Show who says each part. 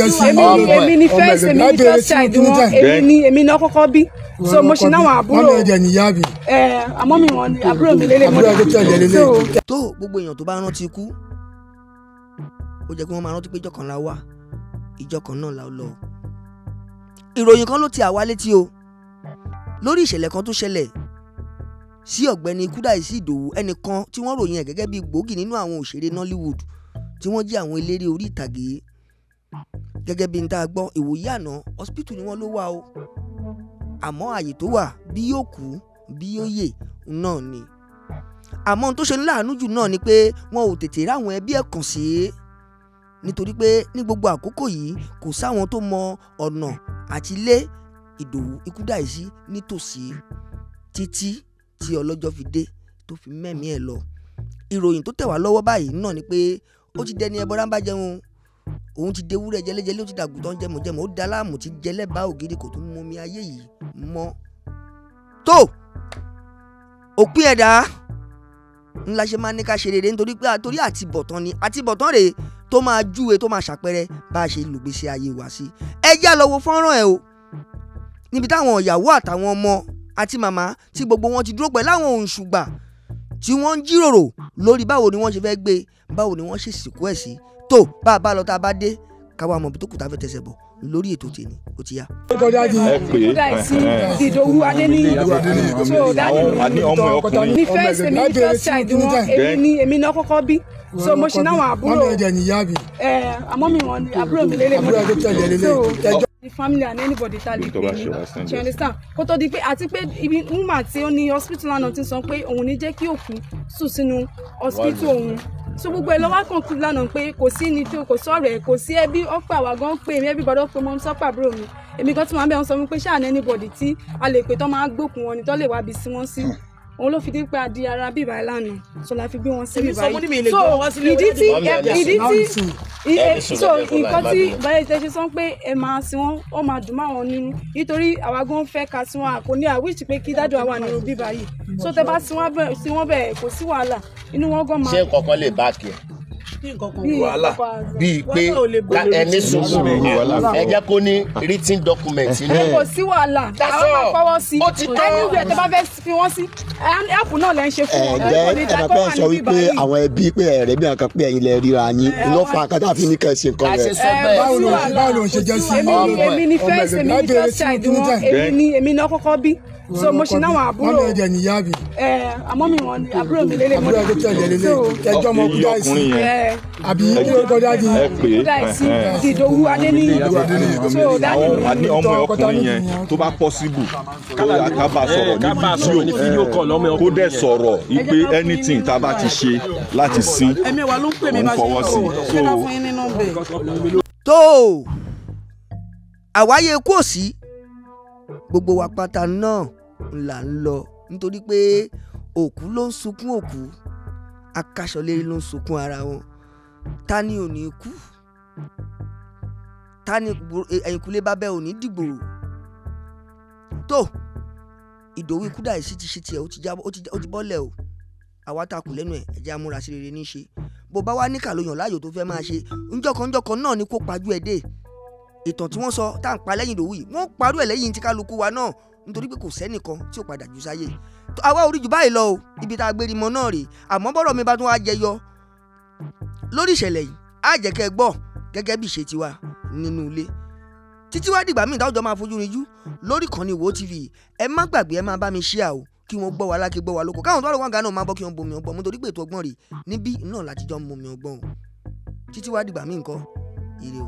Speaker 1: jẹ́sí ọmọ ẹ̀ èmi ni first èmi ni oh first child wọn èmi ni
Speaker 2: èmi ni ọkọ́kọ́ bí so mo ṣe náwọn àbúrò mọ́mí ẹ̀jẹ̀
Speaker 1: nìyá mi. ẹ àmọ́ mi wọn ni àbúrò mi lélẹ̀ mọ́tò àbúrò ẹ̀jẹ̀ lélẹ̀. tó gbogbo èèyàn tó bá rántí kú ó jẹ́ pé wọ́n máa rántí pé ìjọ kan la wà ìjọ kan náà la lọ. ìròyìn kan ló ti àwa létí o lórí ìṣẹ̀lẹ̀ kan tó ṣẹlẹ̀ sí ọ̀gbẹ́ni Kúdàísí Ìdòwú ẹnìkan tí wọ́n ròyìn ẹ̀ gẹ́gẹ́ bíi gbòógì nínú àwọn òṣèré Nollywood tí wọ́n jẹ́ àwọn eléré orí ìtàgé gẹ́gẹ́ bí n tá gbọ́ ìwòye àná hospital ni wọ́n ló wà o àmọ́ àyè tó wà bí yóò kú bí yóò yè náà ni àmọ́ ohun tó ṣe ní láàánú jù náà ni pé wọn ò tètè ráwọn ẹbí ẹ̀ kàn sí nítorí pé ní gbogbo àkókò yìí kò sáwọn tó mọ ọ̀nà àti ilé Ìdòwú Ikúdàísí nítòsí títí tí ọlọ́jọ́ fi dé tó fi mẹ́mí ẹ̀ lọ ìròyìn tó tẹ̀ wá lọ́wọ́ báyìí náà ni pé ó ti dẹni ẹbọra ń jẹun òun ti dewúrẹ́ jẹlẹ́jẹlẹ́ ó ti dàgùtàn jẹmọ̀jẹmọ̀ ó da láàmú ti jẹlẹ́ bá ògidì kò tún mọmi ayé yìí mọ́ tó òpin ẹ̀dá ńlá ṣe máa ní ká ṣe rere nítorí pé àtòrí àtibọ̀tán ni àtibọ̀tán rèé tó máa júwe tó máa ṣàpẹrẹ bá a ṣe lùgbèsè ayé wa sí ẹ já lọ wo fọ́nrán ẹ o níbi táwọn ìyàwó àtàwọn ọmọ àti màmá tí gbogbo wọn ti dúró pẹ̀lú àwọn òǹṣùgbà tí wọ́n ń jíròrò lórí báwo ni wọ́n ṣe fẹ́ gbé báwo ni wọ́n ṣe sìnkú ẹ̀ sí tó bá a bá lọ tá a bá dé káwa mọ̀ tó kù tá a fẹ́ tẹ̀sẹ̀ bọ̀ lórí ètò tèmi ó ti yá. ó kọjá di kódà sí ìdòwú adéníyì so dáàbò ní first èmi ní first child wọn èmi ní
Speaker 2: èmi náà kọ́kọ́ bí so mo ṣe náwọn àbúrò àmọ́ mi wọn àbúrò mi lélẹ̀ mo ti so the family and anybody ta le pe ni she understand kó tó di pé àti pé ibi woman tí ó ní hospital lánàá ti sọ pé òun ní jẹ́ kí òkú sùn sínú hospital òun so gbogbo ẹ̀ lọ́wọ́ conclude lánàá pé kò sí ní tó kò sọ̀rọ̀ ẹ̀ kò sí ẹbí ọ̀pọ̀ àwa gan pé mi everybody ọ̀pọ̀ mọ́ sọ́pọ̀ àbúrò mi èmi gan tí màá bẹ̀rù sọ fún pé ṣáà ní anybody tí a lè pè tó máa gbókun wọn ni tó lè wá bí sí wọn sí òun ló fi dín pé a ara bíbá ẹ̀ lánàá so la fi gbé wọn sí bíbá yìí so ìdí tí ìdí tí so nǹkan tí báyìí tẹ́ ṣe sọ pé ẹ máa sin wọn wọ́n máa dùn máwọn nínú nítorí àwa gan fẹ́ ka sin wọn àkó ní àwíṣì pé kí dájọ́ àwa nínú bíbá yìí so tẹ́ bá sin wọn bẹ́ẹ̀ kò sí wàhálà inú wọn gan máa. ṣé
Speaker 1: kọ̀ọ̀kan lè bá kí ẹ bí wàhálà bíi pé ẹni sùúrù ẹ jẹ́ kó ní written document nínú. ẹ kò
Speaker 2: sí wàhálà àwọn máa fọwọ́ sí ẹni ìwé tó bá fẹ́ fi wọ́n sí ẹ̀pù náà lẹ́ ń ṣe fún wọn. ẹ jẹ́ ẹ̀rọ pẹ́ sọ wípé
Speaker 1: àwọn ẹbí pé ẹ̀rẹ́ bí nǹkan pé ẹ̀yin lẹ ríra yín iná fa nǹkan tá a fi ní kẹ́ ẹ ṣe nǹkan rẹ̀. báwo ló ń ṣe jẹ́ sí
Speaker 2: ọmọ ẹ̀ so mo ṣe náwọn àbúrò wọn lè jẹ níyà bi. ẹ àmọ́ mi wọn ni àbúrò mi lélẹ̀ mọ́ àbúrò tẹ̀lé lélẹ̀ tẹjọ́ ọmọ kúdà ìsìn àbí kí ló kọjá di kúdà ìsìn dìdòwú adéníyì so dáàbò mi ọmọ ọkùnrin yẹn
Speaker 1: tó bá pọ́síbù tó kábà sọ̀rọ̀ ní fídíò kó dẹ̀ sọ̀rọ̀ ipe anything tá a bá ti ṣe láti sin òun fọwọ́ sí so. tó àwáyé kò sí gbogbo wa pátá náà là ń lọ nítorí pé òkú ló ń sunkún òkú akaṣọlérí ló ń sunkún ara wọn ta ni ò ní kú ta ni ẹ̀yìnkùlé bá bẹ́ ò ní dìgbòrò tó ìdòwú ikú dà sí ti ṣe tiẹ̀ ó ti bọ́lẹ̀ o àwa ta kù lẹ́nu ẹ̀ ẹ̀jẹ̀ amúra sí rere ní í ṣe bó bá wá níkà ló yàn láàyò tó fẹ́ máa ṣe ńjọkànjọkàn náà ni kó pajú ẹ̀ dé ìtàn tí wọ́n sọ tá à ń pa lẹ́yìn ìdòwú yìí wọ́n parú ẹ̀ lẹ́yìn tí kálukú wa náà nítorí pé kò sẹ́nìkan tí ò padà jù sáyé àwa orí jù báyìí lọ o ibi tá a gbé rimọ náà rèé àmọ́ bọ́rọ̀ mi bá tún wá jẹyọ lórí ìṣẹ̀lẹ̀ yìí á jẹ́ kẹ́ gbọ́ gẹ́gẹ́ bí ìṣe tiwa nínú ilé títí wá dìgbà míì táwọn máa fojú rinjú lórí ìkànnì wo tv ẹ má gbàgbé ẹ má bá mi ṣíà o kí wọ́n gbọ́ wa lákè gbọ́ wa lóko káwọn tó wà lóko àgànà máa bọ́ kí wọ́n bomi ọgbọ́n mo torí pé ètò ọgbọ́n rèé níbí náà láti jọ